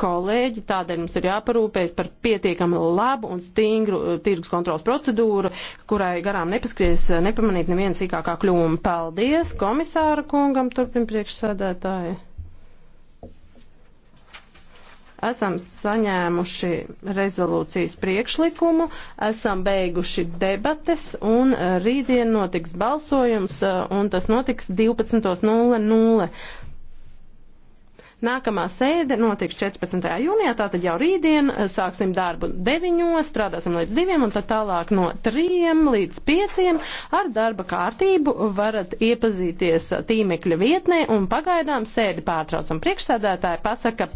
kolēģi, tādēļ mums ir jāparūpējas par pietiekami labu un stingru uh, tirgus kontrols procedūru, kurai garām nepaskries uh, nepamanīt neviena sīkākā kļūma. Paldies komisāra kungam, turpin priekšsēdētāji. Esam saņēmuši rezolūcijas priekšlikumu, esam beiguši debates un uh, rītdien notiks balsojums un tas notiks 12.00. Nākamā sēde notiks 14. jūnijā, tātad jau rītdien sāksim darbu 9, strādāsim līdz 2 un tad tālāk no 3 līdz 5 ar darba kārtību varat iepazīties tīmekļa vietnē un pagaidām sēdi pārtraucam priekšsēdētāji pasaka.